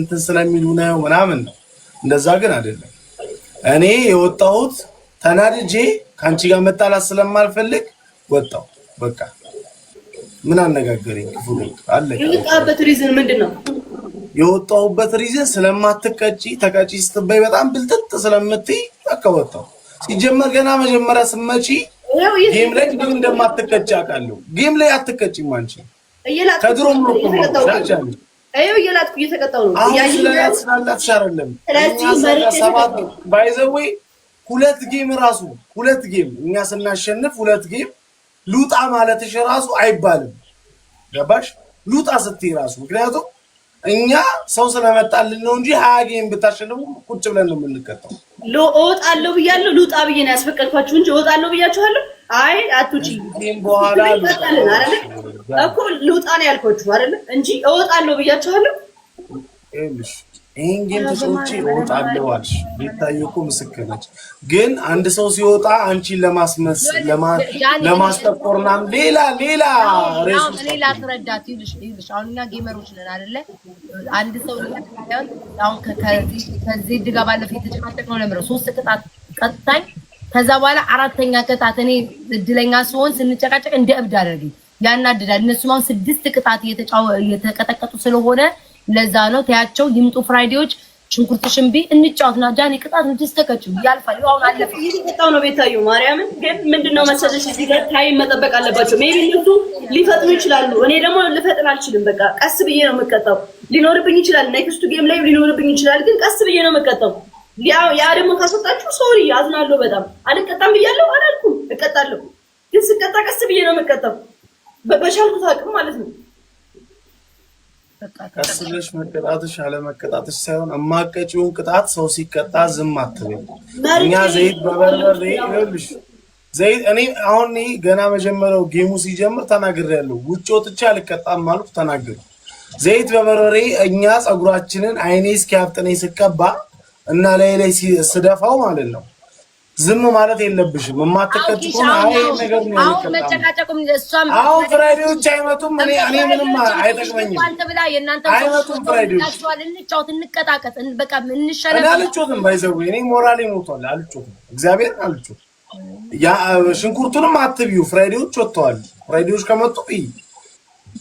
እንትን ስለሚሉ ነው ምናምን ነው። እንደዛ ግን አይደለም። እኔ የወጣሁት ተናድጄ ከአንቺ ጋር መጣላት ስለማልፈልግ ወጣሁ። በቃ ምን አነጋገረኝ? ክፉ አለ የወጣሁበት ሪዝን ምንድን ነው? የወጣሁበት ሪዝን ስለማትቀጪ ተቀጪ ስትበይ በጣም ብልጥጥ ስለምትይ በቃ ሲጀመር ገና መጀመሪያ ስመጪ ጌም ላይ ግን እንደማትቀጪ አውቃለሁ። ጌም ላይ አትቀጪም አንቺ ከድሮም ነው ይኸው እየላጥኩ እየተቀጣሁ ነው። ስላላትሽ አይደለም። ባይዘዌ ሁለት ጌም ራሱ ሁለት ጌም እኛ ስናሸንፍ ሁለት ጌም ሉጣ ማለትሽ ራሱ አይባልም። ገባሽ? ሉጣ ስትይ ራሱ ምክንያቱም እኛ ሰው ስለመጣልን ነው እንጂ ሀያ ጌም ብታሸንፉ ቁጭ ብለን ነው የምንቀጣው። እወጣለሁ ብያለሁ። ሉጣ ብዬ ነው ያስፈቀድኳችሁ እንጂ እወጣለሁ ብያችኋለሁ። አይ አትውጪ በኋላ እኮ ልውጣ ነው ያልኳችሁ አይደለ እንጂ እወጣለሁ ብያችኋለሁ። እወጣለሁ አልሽ። ቤታዬ እኮ ምስክር ነች። ግን አንድ ሰው ሲወጣ አንቺን ሌላ ሌላ አሁን እኛ ጌመሮች ነን አይደለ? አንድ ሰው ከዚህ ድጋ ባለፈው ሶስት ቅጣት ቀጥታኝ ከዛ በኋላ አራተኛ ቅጣት እኔ እድለኛ ስሆን ስንጨቃጨቅ እንደ እብድ አደረገኝ። ያናድዳል። እነሱም አሁን ስድስት ቅጣት እየተቀጠቀጡ ስለሆነ ለዛ ነው ተያቸው፣ ይምጡ ፍራይዴዎች ሽንኩርት ሽንቢ እንጫወትና ጃኒ ቅጣት እንድስተከች ያልፋል። አሁን አለፈ። ይሄ ቅጣው ነው ቤታዩ ማርያምን። ግን ምንድነው መሰለሽ እዚህ ጋር ታይም መጠበቅ አለባቸው። ሜቢ ልጁ ሊፈጥኑ ይችላሉ። እኔ ደግሞ ልፈጥን አልችልም። በቃ ቀስ ብዬ ነው የምቀጣው። ሊኖርብኝ ይችላል፣ ኔክስቱ ጌም ላይ ሊኖርብኝ ይችላል። ግን ቀስ ብዬ ነው የምቀጣው። ያ ደግሞ ካስወጣችሁ ሶሪ፣ አዝናለሁ በጣም አልቀጣም ብያለሁ። አላልኩም እቀጣለሁ፣ ግን ስቀጣ ቀስ ብዬ ነው የምቀጣው። በቻልኩት አቅም ማለት ነው። ቀስለሽ መቀጣትሽ አለመቀጣትሽ ሳይሆን የማቀጪውን ቅጣት ሰው ሲቀጣ ዝም አትበይ። እኛ ዘይት በበርበሬ ይኸውልሽ ዘይት እኔ አሁን ገና መጀመሪያው ጌሙ ሲጀምር ተናግሬያለሁ። ውጭ ወጥቼ አልቀጣም አልኩ ተናግር ዘይት በበርበሬ እኛ ፀጉራችንን አይኔ እስኪያብጥኔ ስቀባ እና ላይ ላይ ስደፋው ማለት ነው ዝም ማለት የለብሽም። የማትቀጭ ነገር አሁን ፍራይዴዎች አይመጡም። እኔ ምንም አይጠቅመኝም። አይመጡም በቃ አልጮትም፣ ባይዘው እኔ ሞራሌ ሞቷል። አልጮትም፣ እግዚአብሔር አልጮት። ሽንኩርቱንም አትብዩ። ፍራይዴዎች ወጥተዋል። ፍራይዴዎች ከመጡ እይ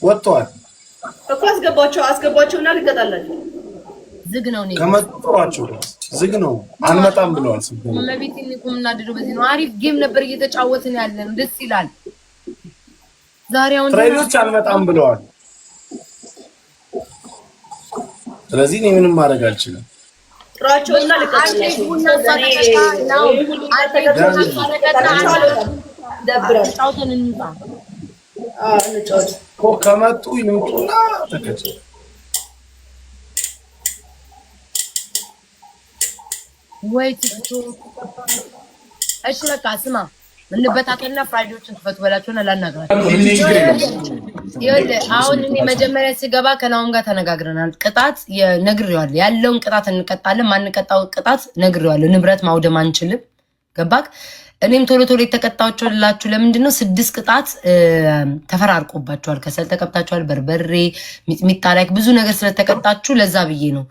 ወጥተዋል እኮ አስገባቸው አስገቧቸውና ልቀጣላቸው። ዝግ ነው ከመጡ ጥሯቸው ዝግ ነው፣ አንመጣም ብለዋል። እመቤት የምናደደው በዚህ ነው። አሪፍ ጌም ነበር እየተጫወትን ያለን፣ ደስ ይላል። ዛሬ አሁን ትሬዶች አንመጣም ብለዋል። ስለዚህ እኔ ምንም ማድረግ አልችልም። ከመጡ ይምጡና ተከ ወይ ቲክቶክ። እሺ በቃ ስማ፣ እንበታተና ፍራይዶችን ክፈቱ በላቸውና ላናግራቸው። አሁን እኔ መጀመሪያ ስገባ ከናሁም ጋር ተነጋግረናል። ቅጣት ነግሬዋለሁ፣ ያለውን ቅጣት እንቀጣለን። ማንቀጣው ቅጣት ነግሬዋለሁ። ንብረት ማውደም አንችልም። ገባክ? እኔም ቶሎ ቶሎ የተቀጣቸው ላችሁ ለምንድን ነው? ስድስት ቅጣት ተፈራርቆባቸዋል። ከሰል ተቀብታቸዋል። በርበሬ ሚጣ ላይ ብዙ ነገር ስለተቀጣችሁ ለዛ ብዬ ነው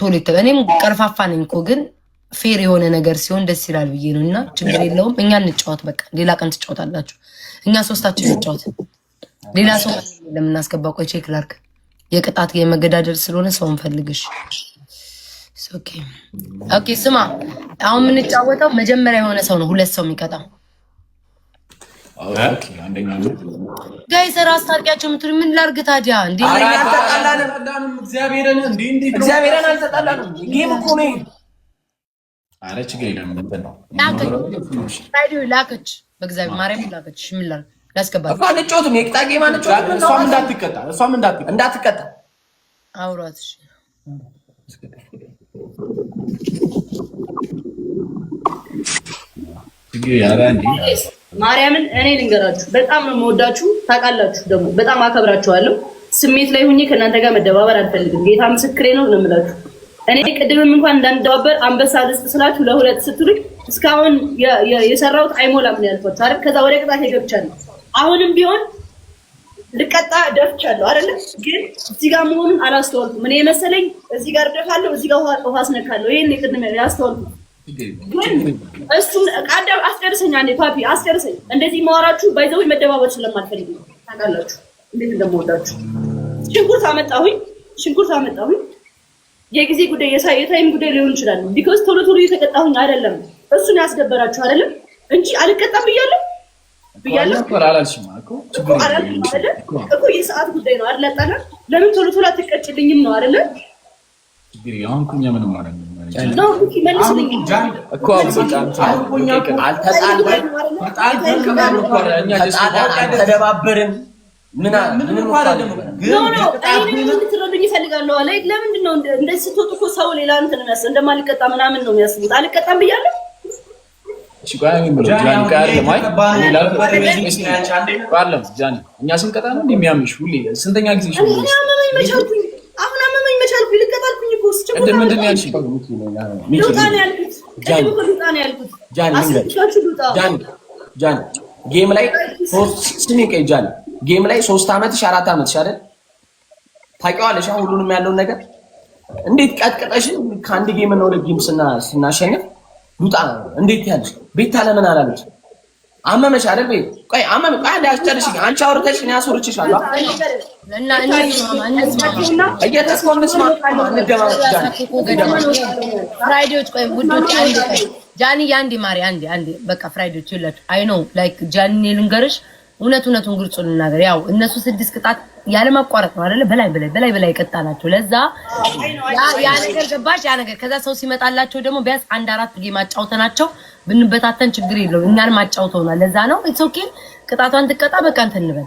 ቶሎ እኔም ቀርፋፋ ነኝ እኮ ግን ፌር የሆነ ነገር ሲሆን ደስ ይላል ብዬ ነው። እና ችግር የለውም እኛ እንጫወት፣ በቃ ሌላ ቀን ትጫወታላችሁ። እኛ ሶስታችን እንጫወት፣ ሌላ ሰው ለምናስገባ። ቆይ ቼክ ላድርግ። የቅጣት የመገዳደር ስለሆነ ሰው እንፈልግሽ። ኦኬ ስማ፣ አሁን የምንጫወተው መጀመሪያ የሆነ ሰው ነው ሁለት ሰው የሚቀጣ ጋይስ ራስ ታርቂያቸው ምትል ምን ላርግ ታዲያ? እንዴ አልተጣላንም፣ እግዚአብሔርን እንዴ እንዴ፣ እግዚአብሔርን አልተጣላንም። ጌም እኮ ነው አረ ችግር የለም። እንትን ነው ላከች፣ በእግዚአብሔር ማርያም ላከች። ምን ላል ላስገባት እኮ አንጮትም የቅጣ ጌማ አንጮት እሷም እንዳትቀጣ እሷም እንዳትቀጣ አውሯት ማርያምን እኔ ልንገራችሁ፣ በጣም ነው የምወዳችሁ። ታውቃላችሁ ደግሞ በጣም አከብራችኋለሁ። ስሜት ላይ ሁኜ ከእናንተ ጋር መደባበር አልፈልግም። ጌታ ምስክሬ ነው ነው የምላችሁ እኔ ቅድምም እንኳን እንዳንደዋበር አንበሳ ድስት ስላችሁ ለሁለት ስትሉኝ እስካሁን የሰራሁት አይሞላም ነው ያልኩት አይደል? ከዛ ወደ ቅጣት ገብቻለሁ። አሁንም ቢሆን ልቀጣ ደፍቻለሁ አይደለ? ግን እዚህ ጋር መሆኑን አላስተዋልኩም። እኔ የመሰለኝ እዚህ ጋር ደፋለሁ፣ እዚህ ጋር ውሃ አስነካለሁ። ይሄን ቅድም ያስተዋልኩ እሱን ቀደም አስጨርሰኝ፣ አንዴ ፓፒ አስጨርሰኝ። እንደዚህ ማወራችሁ ባይዘው መደባበር ስለማልፈልግ ነው። ታውቃላችሁ እንዴት እንደምወዳችሁ። ሽንኩርት አመጣሁኝ፣ ሽንኩርት አመጣሁኝ የጊዜ ጉዳይ የታይም ጉዳይ ሊሆን ይችላል። ቢኮዝ ቶሎ ቶሎ እየተቀጣሁኝ አይደለም፣ እሱን ያስደበራችሁ አይደለም እንጂ አልቀጣም ብያለሁ ብያለሁ የሰዓት ጉዳይ ነው አለጠነ። ለምን ቶሎ ቶሎ አትቀጭልኝም ነው አይደል? ተደባበርን ምን ምን ይፈልጋሉ አለ። ለምንድን ነው እንደ ስትወጡ እኮ ሰው ሌላ እንትን የሚያስ እንደማልቀጣ ምናምን ነው የሚያስቡት። አልቀጣም ብያለሁ። እኛ ስንቀጣ ነው እንደሚያምሽ ሁሌ ስንተኛ ጊዜ አሁን አመመኝ መቻልኩኝ። ልቀጣ አልኩኝ እኮ ምንድን ያልኩት ጌም ላይ ሶስት ጌም ላይ ሶስት አመት አራት አመት አይደል ታውቂዋለሽ ሁሉንም ያለውን ነገር እንዴት ቀጥቅጠሽ ከአንድ ጌም ነው ስና ስናሸንፍ ሉጣ እንዴት ያለሽ ቤት ለምን አላለች? አመመሽ አይደል? ወይ ቆይ አመም ቆይ አንድ አስጨርሽ። አንቺ አውርተሽ እኔ አስወርችሽ ጃኒ አንዴ ማሪ አንዴ አንዴ በቃ ፍራይዴዎች ይላችሁ አይ ኖ ላይክ ጃኒ ልንገርሽ እውነት እውነቱን ግልጹ ልናገር፣ ያው እነሱ ስድስት ቅጣት ያለማቋረጥ ነው አይደለ? በላይ በላይ በላይ በላይ ቀጣ ናቸው። ለዛ ያ ነገር ገባሽ? ያ ነገር ከዛ ሰው ሲመጣላቸው ደግሞ ቢያንስ አንድ አራት ጌም አጫውተናቸው ብንበታተን ችግር የለውም እኛንም አጫውተውናል። ለዛ ነው ኢትስ ኦኬ። ቅጣቷን ትቀጣ በቃ እንትን እንበል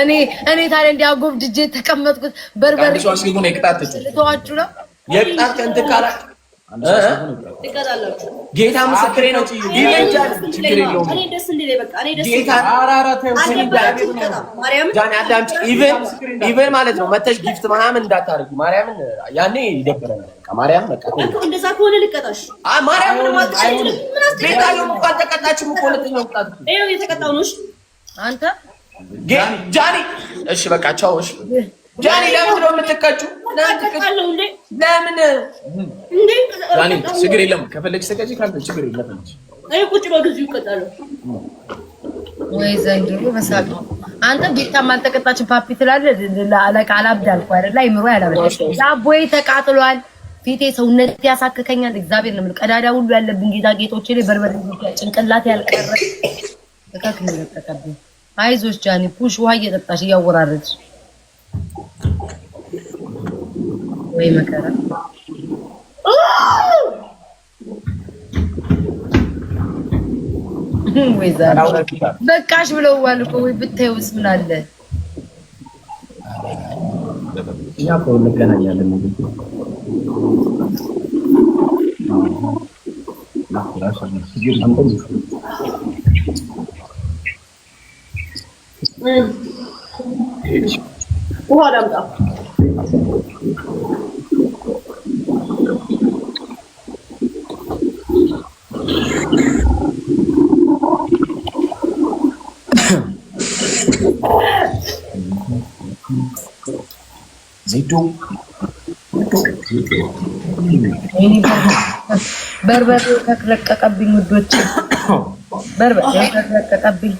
እኔ እኔ ታዲያ እንዲያጎብ ድጄ ተቀመጥኩት። በርበሬ ተዋችሁ ነው የቅጣት እንትን ካላችሁ ጌታ ምስክሬ ነው። ኢቨን ማለት ነው መተሽ ጊፍት ምናምን እንዳታደርጊ ማርያምን፣ ያኔ ይደብረናል። ማርያም እንደዛ ከሆነ ልቀጣሽ። ማርያም ተቀጣችም እኮ ሁለተኛው ቅጣት የተቀጣው ነው። አንተ ጃኒ፣ እሺ በቃ ቻው። እሺ ጃኒ፣ ለምን ነው የምትቀጩ? ለምን ጃኒ፣ ችግር የለም ከፈለግሽ ተቀጪ፣ ካልፈለግሽ ችግር የለም። እኔ ቁጭ በግዙ ይቀጣሉ ወይ ዘንድሮ መሳቅ አንተ ጌታም አልተቀጣችም ፓፒ ትላለህ። ለአለቃ አላብድ አልኩ አይደል? አይምሮ ያላበደ ዛቦይ ተቃጥሏል። ፊቴ ሰውነት ያሳክከኛል። እግዚአብሔር ነው ቀዳዳ ሁሉ ያለብን ጌጣጌጦቼ ላይ በርበሬ ጭንቅላት ያልቀረ እካክ ነው የለቀቀብኝ። አይዞሽ ጃኒ ፑሽ ውሃ እየጠጣሽ እያወራረች ወይ መከራ ወይ ዛሬ በቃሽ ብለዋል እኮ ወይ ብታዩስ ምን አለ እኛ እኮ እንገናኛለን ነው ውሃ ላምጣ። በርበሬው ከተለቀቀብኝ ውዶች፣ በርበሬው ከተለቀቀብኝ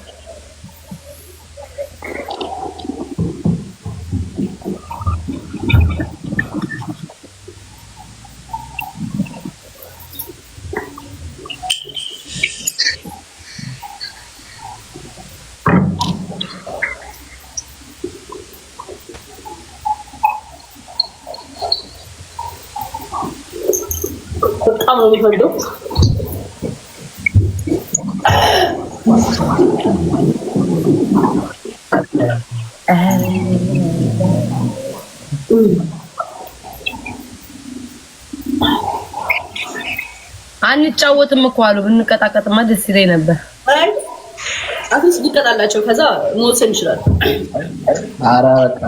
በጣም ነው የሚፈልገው። አንጫወትም እኮ አሉ። ብንቀጣቀጥማ ደስ ይለኝ ነበር። አትስ ቢቀጣላቸው ከዛ መወሰን ይችላል። አራ በቃ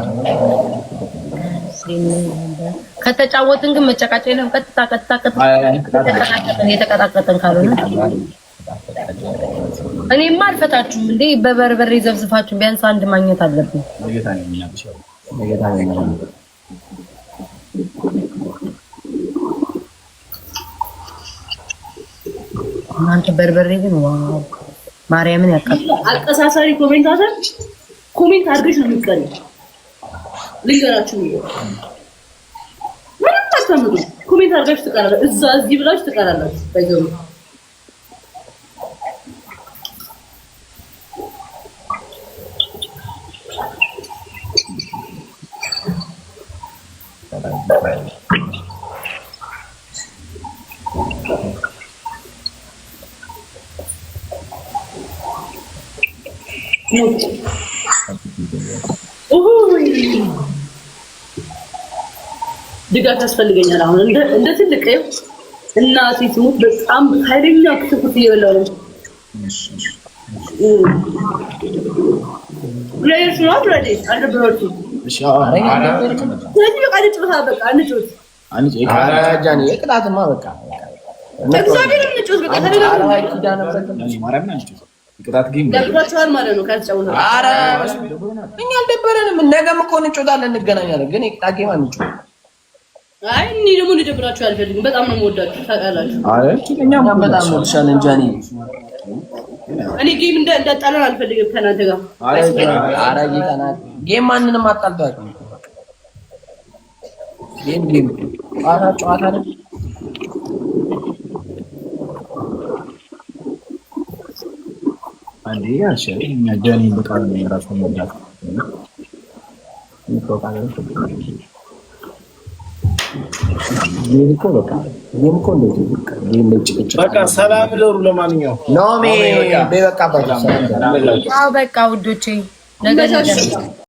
ከተጫወትን ግን መጨቃጨ የለም። ቀጥታ ቀጥታ ቀጥታ የተቀጣቀጥን ካልሆነ እኔማ አልፈታችሁም እንዴ! በበርበሬ ዘብዝፋችሁ ቢያንስ አንድ ማግኘት አለብን። እናንተ በርበሬ ግን ዋው! ማርያምን ያቃል። አልቀሳሳሪ ኮሜንት አሰር ኮሜንት አድርገሽ ነው የሚቀር ልንገራችሁ anladım. Komedi arkadaş da kararlı. Israz Gibraş da kararlı. Ben onu. Oh, ድጋፍ ያስፈልገኛል። አሁን እንደ ትልቅ እናቴ ትሙት በጣም ኃይለኛ ክትኩት እየበላሁ ነው። ቅጣት ግን ገብቷቸዋል ማለት ነው። ካልጫውነ አረ እኛ አልደበረንም። ነገም እኮ እንጮታለን፣ እንገናኛለን። ግን የቅጣት ጌማ እንጮታለን አይ እኔ ደግሞ ልደብራችሁ አልፈልግም። በጣም ነው የምወዳችሁ ታውቃላችሁ። አይ በጣም ወድሻለሁ እንጂ እኔ ጌም እንዳጣለን አልፈልግም ከእናንተ ጋር። ኧረ ጌም ማንንም አጣልቷል። ጌም ጌም ጨዋታ ጨዋታ ነው። አንዴ ያሽ እኛ ጃኒ በቃ ነው ራሱ ነው በቃ ሰላም ደሩ። ለማንኛውም ኖሚ በቃ በቃ ውዶቼ